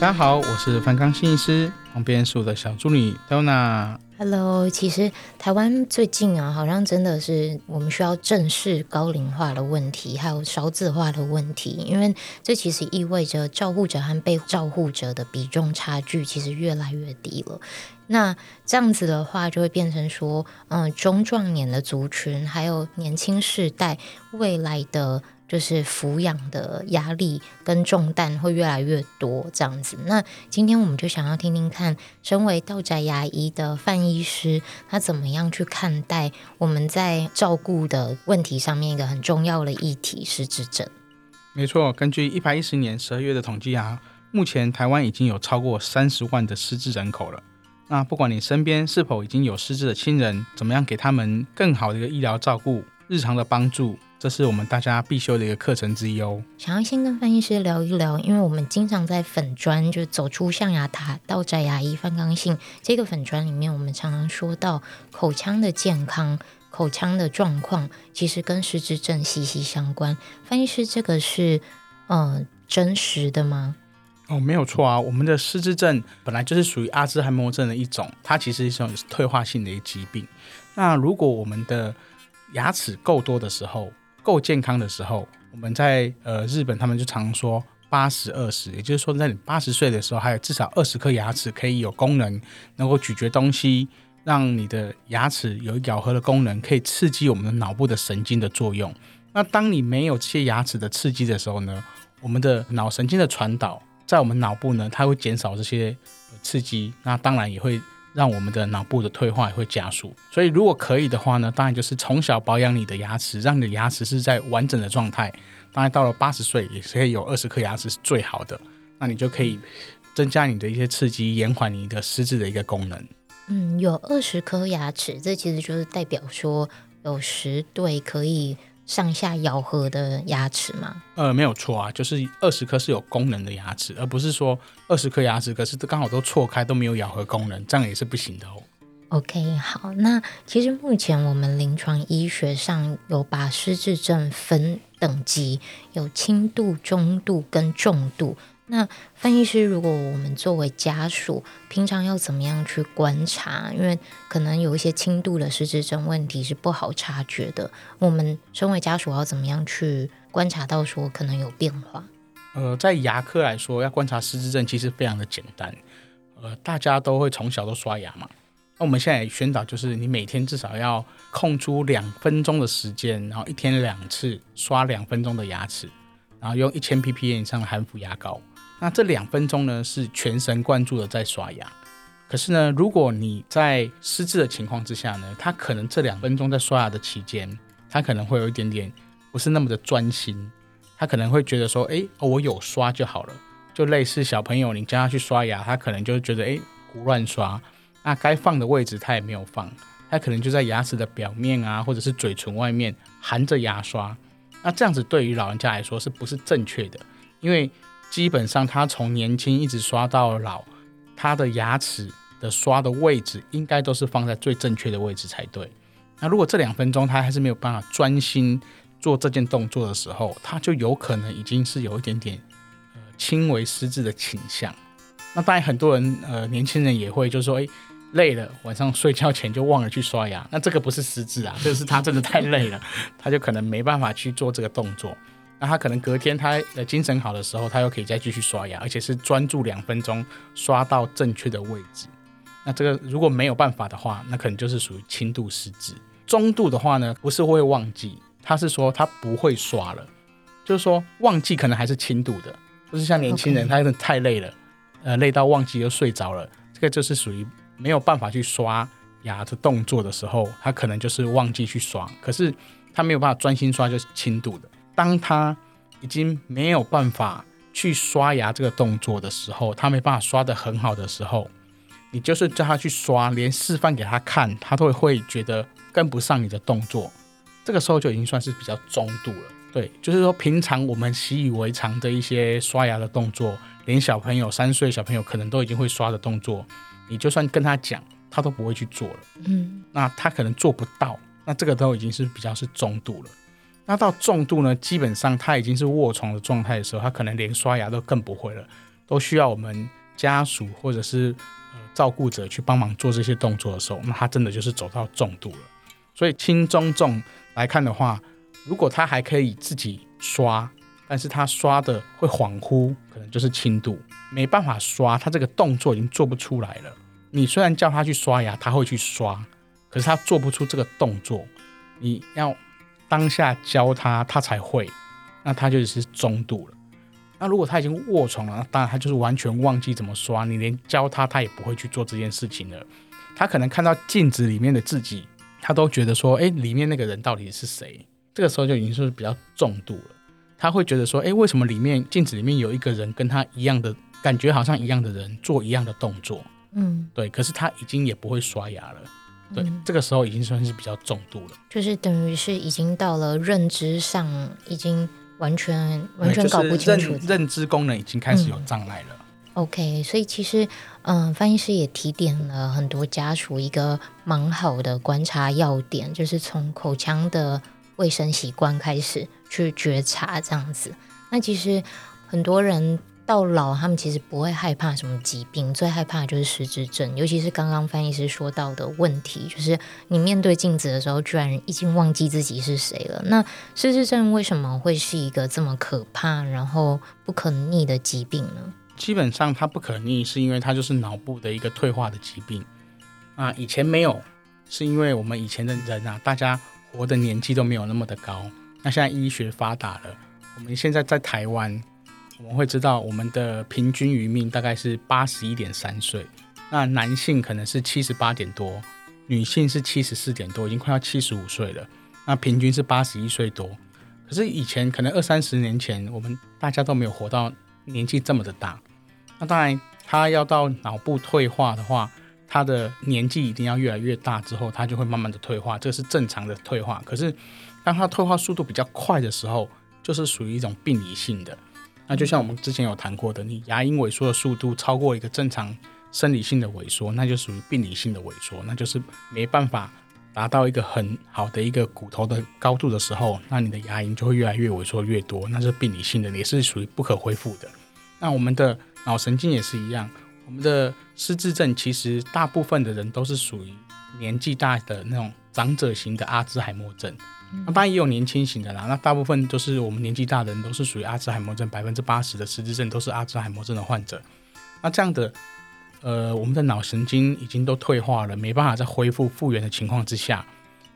大家好，我是梵高醫師，旁邊是我的小助理 Donna。Hello，其實台灣最近啊，好像真的是我們需要正視高齡化的問題，還有少子化的問題，因為這其實意味着照護者和被照護者的比重差距其實越來越低了。那這樣子的話，就會變成說，嗯，中壯年的族群，還有年輕世代未來的。就是撫養的壓力跟重擔會越來越多這樣子。那今天我們就想要聽聽看，身為到宅牙醫的范醫師，他怎麼樣去看待我們在照顧的問題上面一個很重要的議題——失智症。沒錯，根據一百一十年十二月的統計啊，目前台灣已經有超過三十萬的失智人口了。那不管你身邊是否已經有失智的親人，怎麼樣給他們更好的一個醫療照顧？日常的幫助，這是我們大家必修的一個課程之一哦。想要先跟范醫師聊一聊，因為我們經常在粉專，就走出象牙塔到宅牙醫范剛性這個粉專裡面，我們常常說到口腔的健康、口腔的狀況，其實跟失智症息息相關。范醫師，這個是呃真實的嗎？哦，沒有錯啊，我們的失智症本來就是屬於阿茲海默症的一種，它其實是一種退化性的一疾病。那如果我們的牙齒夠多的時候，夠健康的時候，我們在呃日本，他們就常說八十二十，也就是說，在你八十歲的時候，還有至少二十顆牙齒可以有功能，能夠咀嚼東西，讓你的牙齒有咬合的功能，可以刺激我們的腦部的神經的作用。那當你沒有這些牙齒的刺激的時候呢，我們的腦神經的傳導在我們腦部呢，它會減少這些刺激，那當然也會。讓我們的腦部的退化也會加速，所以如果可以的話呢，當然就是從小保養你的牙齒，讓你的牙齒是在完整的狀態。當然到了八十歲，也是可以有二十顆牙齒是最好的，那你就可以增加你的一些刺激，延緩你的失智的一個功能。嗯，有二十顆牙齒，這其實就是代表說有十對可以。上下咬合的牙齒嗎？呃，沒有錯啊，就是二十顆是有功能的牙齒，而不是說二十顆牙齒，可是都剛好都錯開，都沒有咬合功能，這樣也是不行的哦。OK，好，那其實目前我們臨床醫學上有把失智症分等級，有輕度、中度跟重度。那范醫師，如果我們作為家屬，平常要怎麼樣去觀察？因為可能有一些輕度的失智症問題是不好察覺的。我們身為家屬要怎麼樣去觀察到說可能有變化？呃，在牙科來說，要觀察失智症其實非常的簡單。呃，大家都會從小都刷牙嘛。那我們現在宣導就是，你每天至少要空出兩分鐘的時間，然後一天兩次刷兩分鐘的牙齒，然後用一千 ppm 以上的含氟牙膏。那這兩分鐘呢，是全神貫注的在刷牙。可是呢，如果你在失智的情況之下呢，他可能這兩分鐘在刷牙的期間，他可能會有一點點不是那麼的專心。他可能會覺得說：“哎、欸，我有刷就好了。”就類似小朋友，你叫他去刷牙，他可能就覺得：“哎、欸，胡亂刷。”那該放的位置他也沒有放，他可能就在牙齒的表面啊，或者是嘴唇外面含着牙刷。那這樣子對於老人家來說是不是正確的？因為基本上，他從年輕一直刷到老，他的牙齒的刷的位置應該都是放在最正確的位置才對。那如果這兩分鐘他還是沒有辦法專心做這件動作的時候，他就有可能已經是有一點點呃輕微失智的傾向。那當然，很多人呃年輕人也會就說，哎，累了，晚上睡覺前就忘了去刷牙。那這個不是失智啊，這、就是他真的太累了， 他就可能沒辦法去做這個動作。那他可能隔天他的精神好的時候，他又可以再繼續刷牙，而且是專注兩分鐘刷到正確的位置。那這個如果沒有辦法的話，那可能就是屬於輕度失智。中度的話呢，不是會忘記，他是說他不會刷了，就是說忘記可能還是輕度的，不是像年輕人他有點太累了，Okay. 呃，累到忘記又睡着了。這個就是屬於沒有辦法去刷牙的動作的時候，他可能就是忘記去刷，可是他沒有辦法專心刷，就是輕度的。當他已經沒有辦法去刷牙這個動作的時候，他沒辦法刷得很好的時候，你就是叫他去刷，連示範給他看，他都會覺得跟不上你的動作。這個時候就已經算是比較中度了。對，就是說平常我們習以為常的一些刷牙的動作，連小朋友三歲小朋友可能都已經會刷的動作，你就算跟他講，他都不會去做了。嗯，那他可能做不到，那這個都已經是比較是中度了。那到重度呢？基本上他已經是臥床的狀態的時候，他可能連刷牙都更不會了，都需要我們家屬或者是呃照顧者去幫忙做這些動作的時候，那他真的就是走到重度了。所以輕、中、重來看的話，如果他還可以自己刷，但是他刷的會恍惚，可能就是輕度，沒辦法刷，他這個動作已經做不出來了。你雖然叫他去刷牙，他會去刷，可是他做不出這個動作，你要，當下教他，他才會，那他就是中度了。那如果他已經臥床了，那當然他就是完全忘記怎麼刷，你連教他，他也不會去做這件事情了。他可能看到鏡子裡面的自己，他都覺得說，哎，裡面那個人到底是誰？這個時候就已經是比較重度了。他會覺得說，哎，為什麼裡面鏡子裡面有一個人跟他一樣的感覺，好像一樣的人做一樣的動作？嗯，對，可是他已經也不會刷牙了。對，這個時候已經算是比較重度了。嗯，就是等於是已經到了認知上，已經完全完全搞不清楚。就是認，認知功能已經開始有障礙了。嗯。OK，所以其實嗯，翻譯師也提點了很多家屬一個蠻好的觀察要點，就是從口腔的衛生習慣開始去覺察這樣子。那其實很多人。到老，他們其實不會害怕什麼疾病，最害怕的就是失智症，尤其是剛剛翻譯師說到的問題，就是你面對鏡子的時候，居然已經忘記自己是誰了。那失智症為什麼會是一個這麼可怕，然後不可逆的疾病呢？基本上它不可逆，是因為它就是腦部的一個退化的疾病啊。以前沒有，是因為我們以前的人啊，大家活的年紀都沒有那麼的高。那現在醫學發達了，我們現在在台灣。我們會知道，我們的平均餘命大概是八十一點三歲，那男性可能是七十八點多，女性是七十四點多，已經快要七十五歲了。那平均是八十一歲多。可是以前可能二三十年前，我們大家都沒有活到年紀這麼的大。那當然，他要到腦部退化的話，他的年紀一定要越來越大之後，他就會慢慢的退化，這是正常的退化。可是，當他退化速度比較快的時候，就是屬於一種病理性的。那就像我們之前有談過的，你牙齦萎縮的速度超過一個正常生理性的萎縮，那就屬於病理性的萎縮，那就是沒辦法達到一個很好的一個骨頭的高度的時候，那你的牙齦就會越來越萎縮越多，那是病理性的，你也是屬於不可恢復的。那我們的腦神經也是一樣，我們的失智症其實大部分的人都是屬於年紀大的那種。長者型的阿茲海默症，嗯、那當然也有年輕型的啦。那大部分都是我們年紀大的人，都是屬於阿茲海默症。百分之八十的失智症都是阿茲海默症的患者。那這樣的，呃，我們的腦神經已經都退化了，沒辦法再恢復復原的情況之下，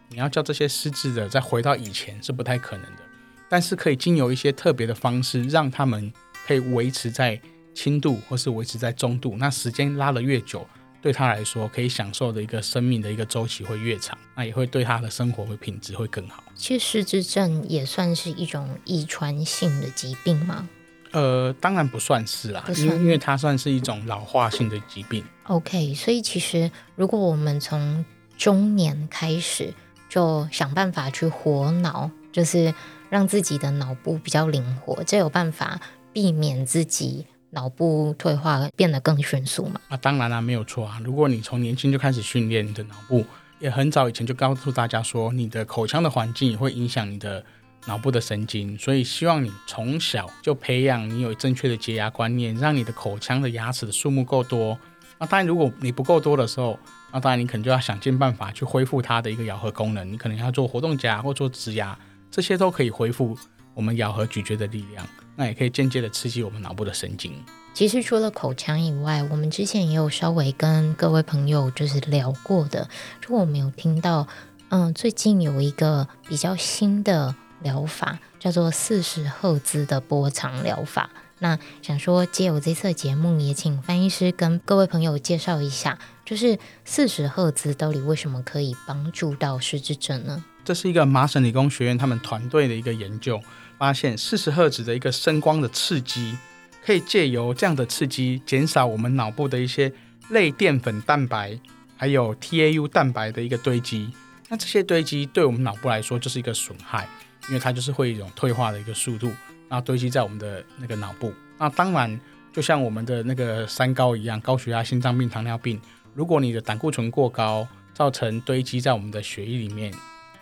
你要叫這些失智的再回到以前是不太可能的。但是可以經由一些特別的方式，讓他們可以維持在輕度或是維持在中度。那時間拉得越久，對他來說，可以享受的一個生命的一個週期會越長，那也會對他的生活的品質會更好。其實失智症也算是一種遺傳性的疾病嗎？呃，當然不算是啦，啊，因是因為它算是一種老化性的疾病。OK，所以其實如果我們從中年開始就想辦法去活腦，就是讓自己的腦部比較靈活，這有辦法避免自己腦部退化變得更迅速嘛？啊，當然啦、啊，沒有錯啊。如果你從年輕就開始訓練你的腦部，也很早以前就告訴大家說，你的口腔的環境也會影響你的腦部的神經，所以希望你從小就培養你有正確的潔牙觀念，讓你的口腔的牙齒的數目夠多。那當然，如果你不夠多的時候，那當然你可能就要想盡辦法去恢復它的一個咬合功能。你可能要做活動假牙或做植牙，這些都可以恢復我們咬合咀嚼的力量。那也可以間接的刺激我們腦部的神經。其實除了口腔以外，我們之前也有稍微跟各位朋友就是聊過的。如果我們有聽到，嗯，最近有一個比較新的療法，叫做四十赫茲的波長療法。那想說借由這次節目，也請翻譯師跟各位朋友介紹一下，就是四十赫茲到底為什麼可以幫助到失智症呢？這是一個麻省理工學院他們團隊的一個研究。發現四十赫茲的一個聲光的刺激，可以借由這樣的刺激減少我們腦部的一些類澱粉蛋白還有 tau 蛋白的一個堆積。那這些堆積對我們腦部來說就是一個損害，因為它就是會一種退化的一個速度，然後堆積在我們的那個腦部。那當然，就像我們的那個三高一樣，高血壓、心臟病、糖尿病。如果你的膽固醇過高，造成堆積在我們的血液裡面，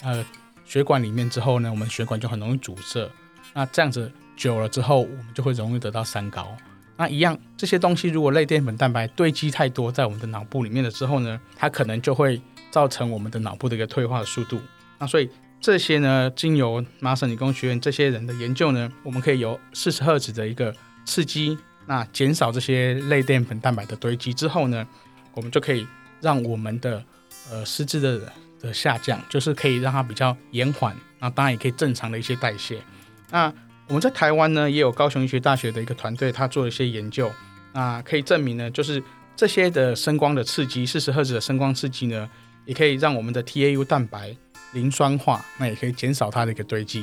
呃，血管裡面之後呢，我們血管就很容易阻塞。那這樣子久了之後，我們就會容易得到三高。那一樣，這些東西如果類澱粉蛋白堆積太多在我們的腦部裡面了之後呢，它可能就會造成我們的腦部的一個退化的速度。那所以這些呢，經由麻省理工學院這些人的研究呢，我們可以有四十赫茲的一個刺激，那減少這些類澱粉蛋白的堆積之後呢，我們就可以讓我們的呃，失智的的下降，就是可以讓它比較延緩。那當然也可以正常的一些代謝。那我們在台灣呢，也有高雄醫學大學的一個團隊，他做了一些研究，啊，可以證明呢，就是這些的聲光的刺激，四十赫茲的聲光刺激呢，也可以讓我們的 tau 蛋白磷酸化，那也可以減少它的一個堆積。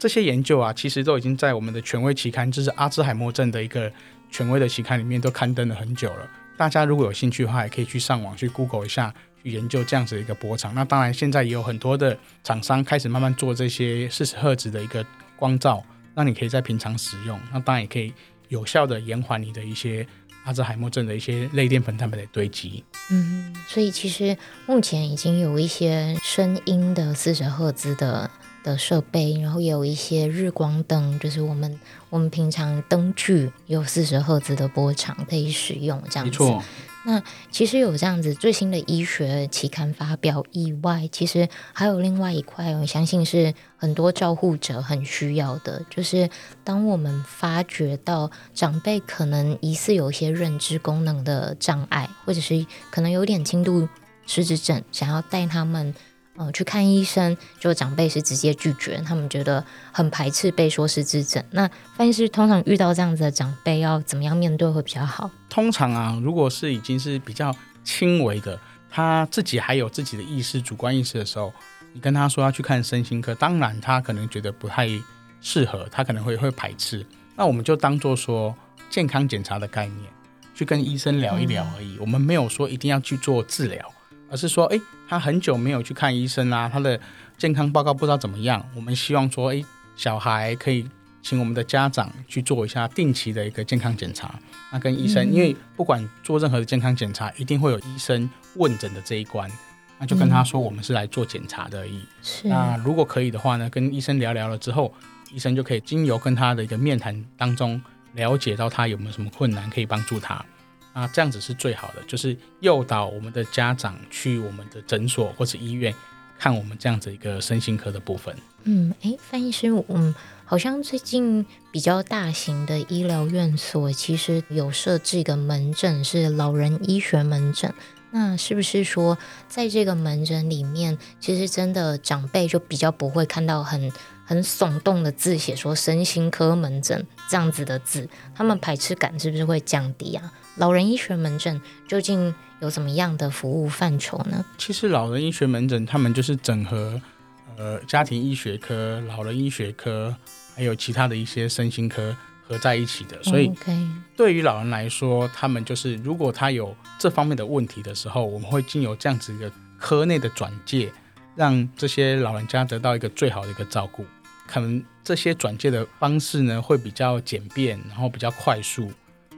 這些研究啊，其實都已經在我們的權威期刊，就是阿茲海默症的一個權威的期刊裡面都刊登了很久了。大家如果有興趣的話，也可以去上網去 Google 一下，去研究這樣子的一個波長。那當然，現在也有很多的廠商開始慢慢做這些四十赫茲的一個。光照，那你可以在平常使用，那當然也可以有效的延緩你的一些阿茲海默症的一些類澱粉蛋白的堆積。嗯，所以其實目前已經有一些聲音的四十赫茲的。的設備，然後也有一些日光燈，就是我們我們平常燈具有四十赫茲的波長可以使用，這樣子。沒錯。那其實有這樣子最新的醫學期刊發表以外，其實還有另外一塊，我相信是很多照護者很需要的，就是當我們發覺到長輩可能疑似有一些認知功能的障礙，或者是可能有點輕度失智症，想要帶他們。呃、去看醫生，就長輩是直接拒絕，他們覺得很排斥被說是失智。那范醫師通常遇到這樣子的長輩，要怎麼樣面對會比較好？通常啊，如果是已經是比較輕微的，他自己還有自己的意識、主觀意識的時候，你跟他說要去看身心科，當然他可能覺得不太適合，他可能會會排斥。那我們就當做說健康檢查的概念，去跟醫生聊一聊而已。嗯、我們沒有說一定要去做治療。而是說，誒，他很久沒有去看醫生啦、啊，他的健康報告不知道怎麼樣。我們希望說，誒，小孩可以請我們的家長去做一下定期的一個健康檢查。那跟醫生，嗯、因為不管做任何的健康檢查，一定會有醫生問診的這一關。那就跟他說，我們是來做檢查的而已。是、嗯。那如果可以的話呢，跟醫生聊聊了之後，醫生就可以經由跟他的一個面談當中，了解到他有沒有什麼困難，可以幫助他。那、啊、這樣子是最好的，就是誘導我們的家長去我們的診所或者醫院看我們這樣子一個身心科的部分。嗯，哎，范醫師，嗯，好像最近比較大型的醫療院所其實有設置一個門診，是老人醫學門診。那是不是說在這個門診裡面，其實真的長輩就比較不會看到很很聳動的字寫說身心科門診這樣子的字，他們排斥感是不是會降低啊？老人醫學門診究竟有什麼樣的服務範疇呢？其實老人醫學門診他們就是整合呃家庭醫學科、老人醫學科，還有其他的一些身心科合在一起的，Okay. 所以對於老人來說，他們就是如果他有這方面的問題的時候，我們會經由這樣子一個科內的轉介，讓這些老人家得到一個最好的一個照顧。可能這些轉介的方式呢，會比較簡便，然後比較快速，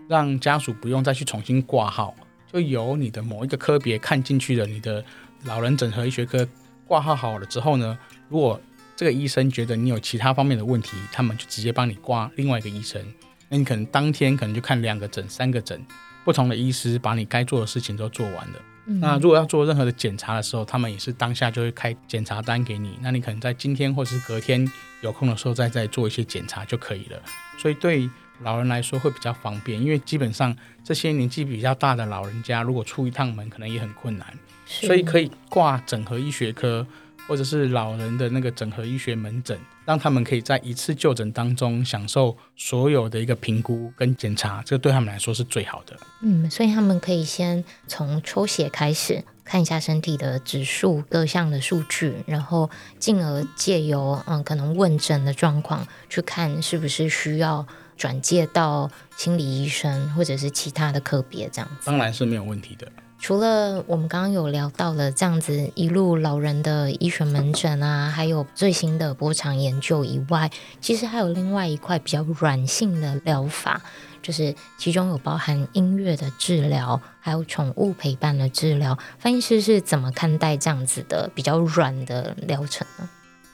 讓家屬不用再去重新掛號，就由你的某一個科別看進去的，你的老人整合醫學科掛號好了之後呢，如果這個醫生覺得你有其他方面的問題，他們就直接幫你掛另外一個醫生，那你可能當天可能就看兩個診、三個診，不同的醫師把你該做的事情都做完了。那如果要做任何的檢查的時候，嗯、他們也是當下就會開檢查單給你。那你可能在今天或者是隔天有空的時候再再做一些檢查就可以了。所以對老人來說會比較方便，因為基本上這些年紀比較大的老人家如果出一趟門可能也很困難，是所以可以掛整合醫學科。或者是老人的那個整合醫學門診，讓他們可以在一次就診當中享受所有的一個評估跟檢查，這對他們來說是最好的。嗯，所以他們可以先從抽血開始，看一下身體的指數、各項的數據，然後進而借由嗯可能問診的狀況，去看是不是需要轉介到心理醫生或者是其他的科別這樣子。當然是沒有問題的。除了我們剛剛有聊到了這樣子一路老人的醫學門診啊，還有最新的波長研究以外，其實還有另外一塊比較軟性的療法，就是其中有包含音樂的治療，還有寵物陪伴的治療。翻譯師是怎麼看待這樣子的比較軟的療程呢？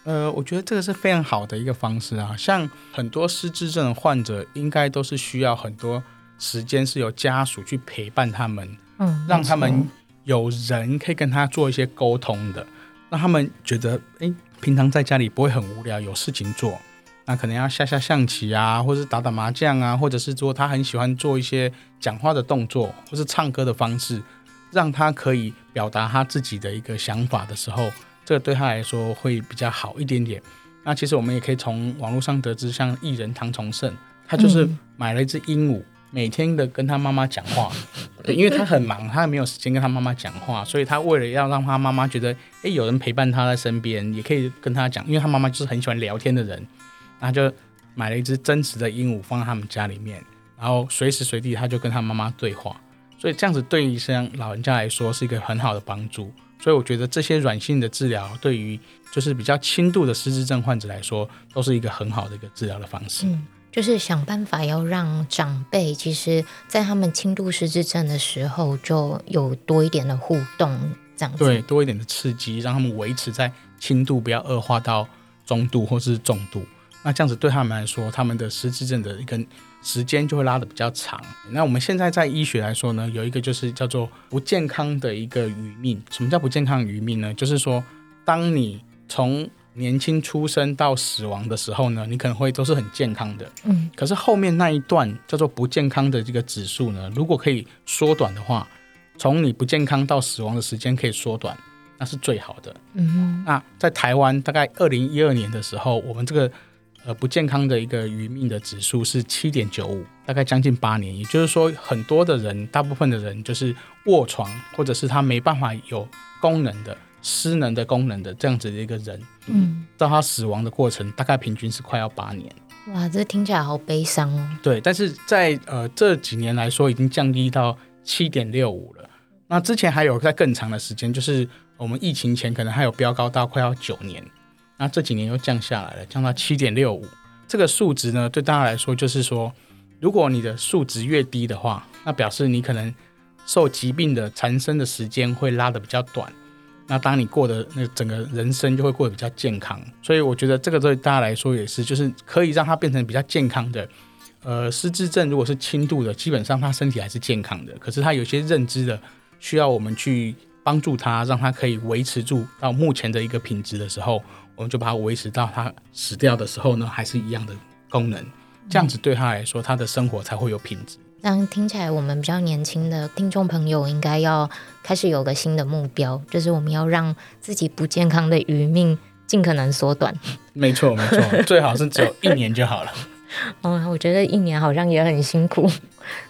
呃，我覺得這個是非常好的一個方式啊。像很多失智症患者，應該都是需要很多時間是由家屬去陪伴他們。嗯，讓他們有人可以跟他做一些溝通的，那他們覺得，哎、欸，平常在家裡不會很無聊，有事情做，那可能要下下象棋啊，或是打打麻將啊，或者是說他很喜歡做一些講話的動作，或是唱歌的方式，讓他可以表達他自己的一個想法的時候，這個對他來說會比較好一點點。那其實我們也可以從網絡上得知，像藝人唐從聖，他就是買了一隻鸚鵡。嗯每天的跟他媽媽講話，對，因為他很忙，他也沒有時間跟他媽媽講話，所以他為了要讓他媽媽覺得，哎，有人陪伴他在身邊，也可以跟他講，因為他媽媽就是很喜歡聊天的人，他就買了一隻真實的鸚鵡放在他們家裡面，然後隨時隨地他就跟他媽媽對話，所以這樣子對於像老人家來說是一個很好的幫助，所以我覺得這些軟性的治療對於就是比較輕度的失智症患者來說，都是一個很好的一個治療的方式。嗯就是想辦法要讓長輩，其實在他們輕度失智症的時候，就有多一點的互動，這樣子對，對多一點的刺激，讓他們維持在輕度，不要惡化到中度或是重度。那這樣子對他們來說，他們的失智症的一個時間就會拉得比較長。那我們現在在醫學來說呢，有一個就是叫做不健康的一個餘命。什麼叫不健康餘命呢？就是說，當你從年輕出生到死亡的時候呢，你可能會都是很健康的。嗯，可是後面那一段叫做不健康的這個指數呢，如果可以縮短的話，從你不健康到死亡的時間可以縮短，那是最好的。嗯哼，那在台灣大概二零一二年的時候，我們這個呃不健康的一個餘命的指數是七點九五，大概將近八年，也就是說很多的人，大部分的人就是臥床或者是他沒辦法有功能的。失能的功能的這樣子的一個人，嗯，到他死亡的過程大概平均是快要八年。哇，這聽起來好悲傷哦。對，但是在呃這幾年來說，已經降低到七點六五了。那之前還有在更長的時間，就是我們疫情前可能還有飆高到快要九年。那這幾年又降下來了，降到七點六五。這個數值呢，對大家來說就是說，如果你的數值越低的話，那表示你可能受疾病的產生的時間會拉得比較短。那當你過的那整個人生就會過得比較健康，所以我覺得這個對大家來說也是，就是可以讓它變成比較健康的。呃，失智症如果是輕度的，基本上他身體還是健康的，可是他有些認知的需要我們去幫助他，讓他可以維持住到目前的一個品質的時候，我們就把它維持到他死掉的時候呢，還是一樣的功能。這樣子對他來說，嗯、他的生活才會有品質。那聽起來，我們比較年輕的聽眾朋友應該要開始有個新的目標，就是我們要讓自己不健康的餘命盡可能縮短。沒錯，沒錯，最好是只有一年就好了。 哦，我覺得一年好像也很辛苦。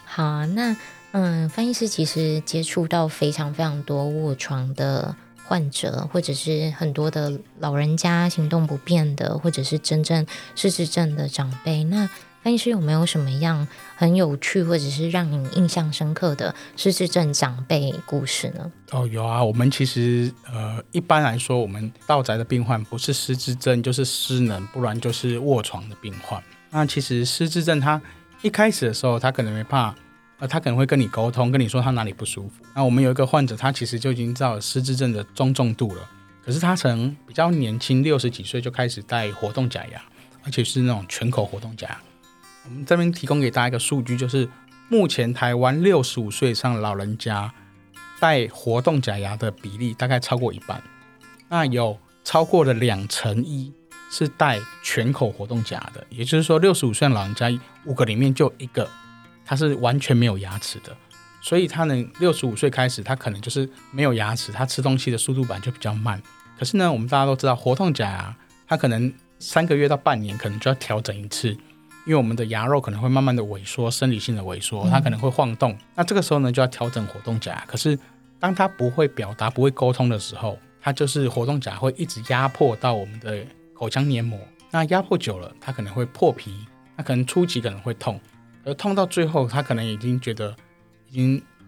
好，那嗯，翻譯師其實接觸到非常非常多臥床的患者，或者是很多的老人家行動不便的，或者是真正失智症的長輩，那。但是有沒有什麼樣很有趣或者是讓你印象深刻的失智症長輩故事呢？哦，有啊。我們其實呃一般來說，我們到宅的病患不是失智症就是失能，不然就是臥床的病患。那其實失智症他一開始的時候，他可能沒怕，呃他可能會跟你溝通，跟你說他哪裡不舒服。那我們有一個患者，他其實就已經知道失智症的中重、重度了，可是他曾比較年輕六十幾歲就開始戴活動假牙，而且是那種全口活動假牙。我們這邊提供給大家一個數據，就是目前台灣六十五歲以上老人家戴活動假牙的比例大概超過一半，那有超過了兩成一是戴全口活動假的，也就是說六十五歲的老人家五個裡面就一個他是完全沒有牙齒的，所以他呢六十五歲開始他可能就是沒有牙齒，他吃東西的速度本來就比較慢。可是呢，我們大家都知道活動假牙，它可能三個月到半年可能就要調整一次。因為我們的牙肉可能會慢慢的萎縮，生理性的萎縮，它可能會晃動。嗯、那這個時候呢，就要調整活動假牙。可是，當它不會表達、不會溝通的時候，它就是活動假牙會一直壓迫到我們的口腔黏膜。那壓迫久了，它可能會破皮。那可能初期可能會痛，而痛到最後，它可能已經覺得已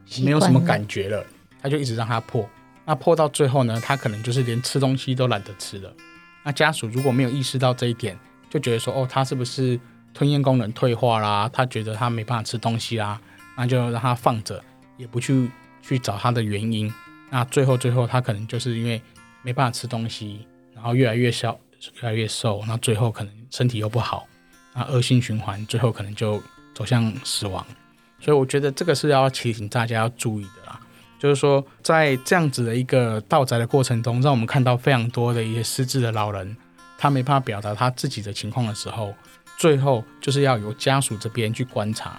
經沒有什麼感覺了，了它就一直讓它破。那破到最後呢，它可能就是連吃東西都懶得吃了。那家屬如果沒有意識到這一點，就覺得說：“哦，它是不是？”吞嚥功能退化啦，他覺得他沒辦法吃東西啦，那就讓他放着，也不去去找他的原因。那最後，最後他可能就是因為沒辦法吃東西，然後越來越消，越來越瘦，那最後可能身體又不好，那惡性循環，最後可能就走向死亡。所以我覺得這個是要提醒大家要注意的啦，就是說在這樣子的一個到宅的過程中，讓我們看到非常多的一些失智的老人，他沒辦法表達他自己的情況的時候。最後就是要由家屬這邊去觀察，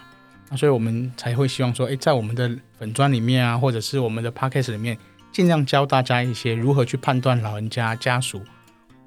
那所以我們才會希望說，誒、欸，在我們的粉專裡面啊，或者是我們的 podcast 裡面，盡量教大家一些如何去判斷老人家家屬，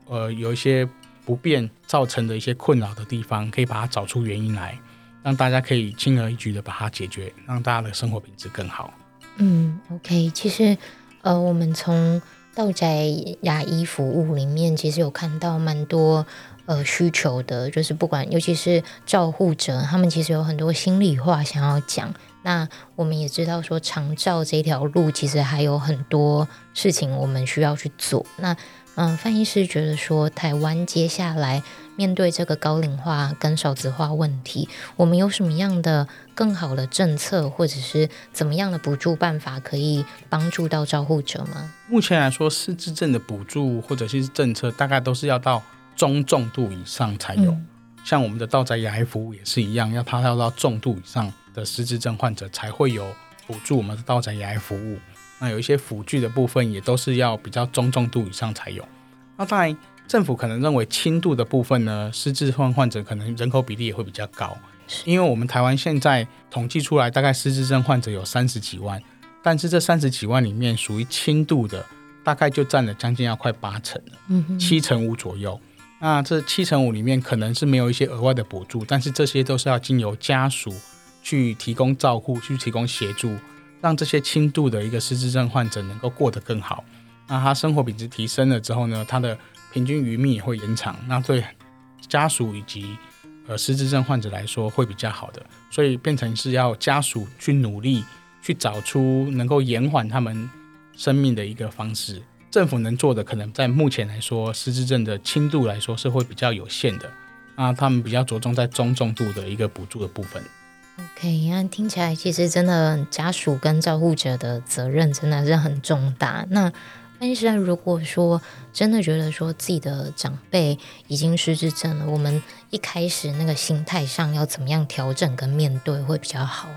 呃，有一些不便造成的一些困擾的地方，可以把它找出原因來，讓大家可以輕而易舉的把它解決，讓大家的生活品質更好。嗯，OK，其實呃，我們從到宅牙醫服務裡面，其實有看到蠻多。呃，需求的就是不管，尤其是照護者，他們其實有很多心裡話想要講。那我們也知道說，長照這條路其實還有很多事情我們需要去做。那嗯、呃，范醫師覺得說，台灣接下來面對這個高齡化跟少子化問題，我們有什麼樣的更好的政策，或者是怎麼樣的補助辦法，可以幫助到照護者嗎？目前來說，失智症的補助或者是政策，大概都是要到。中重度以上才有，嗯、像我們的到宅牙醫服務也是一樣，要爬到到重度以上的失智症患者才會有補助。我們的到宅牙醫服務，那有一些輔具的部分也都是要比較中重度以上才有。那在政府可能認為輕度的部分呢，失智患患者可能人口比例也會比較高，是因為我們台灣現在統計出來大概失智症患者有三十幾萬，但是這三十幾萬裡面屬於輕度的，大概就占了將近要快八成，嗯哼，七成五左右。那這七成五裡面可能是沒有一些額外的補助，但是這些都是要經由家屬去提供照顧，去提供協助，讓這些輕度的一個失智症患者能夠過得更好。那他生活品質提升了之後呢，他的平均餘命也會延長。那對家屬以及呃失智症患者來說會比較好的，所以變成是要家屬去努力去找出能夠延緩他們生命的一個方式。政府能做的，可能在目前來說，失智症的輕度來說是會比較有限的。那他們比較着重在中重度的一個補助的部分。OK，那、啊、聽起來其實真的家屬跟照護者的責任真的是很重大。那但是如果說真的覺得說自己的長輩已經失智症了，我們一開始那個心態上要怎麼樣調整跟面對會比較好？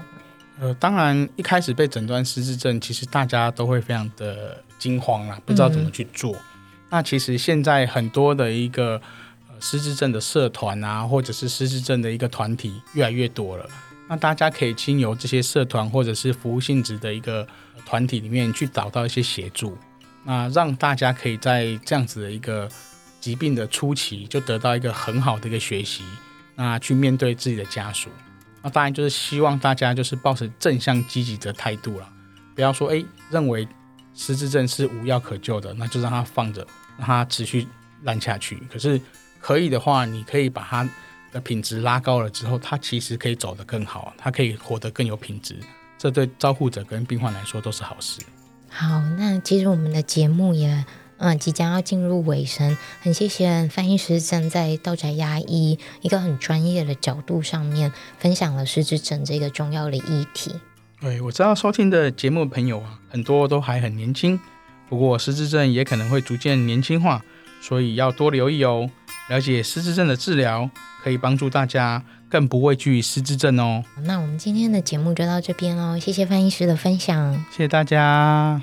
呃，當然一開始被診斷失智症，其實大家都會非常的。驚慌了，不知道怎麼去做。嗯、那其實現在很多的一個失智症的社團啊，或者是失智症的一個團體越來越多了。那大家可以經由這些社團或者是服務性質的一個團體裡面去找到一些協助，那讓大家可以在這樣子的一個疾病的初期就得到一個很好的一個學習，那去面對自己的家屬。那當然就是希望大家就是抱持正向積極的態度了，不要說哎認為。失智症是無藥可救的，那就讓它放着，讓它持續爛下去。可是可以的話，你可以把它的品質拉高了之後，它其實可以走得更好，它可以活得更有品質，這對照顧者跟病患來說都是好事。好，那其實我們的節目也嗯、呃、即將要進入尾聲，很謝謝范醫師站在到宅牙醫一個很專業的角度上面分享了失智症這個重要的議題。對，我知道收聽的節目朋友啊，很多都還很年輕，不過失智症也可能會逐漸年輕化，所以要多留意哦。了解失智症的治療，可以幫助大家更不畏懼失智症哦。那我們今天的節目就到這邊哦，謝謝范醫師的分享，謝謝大家。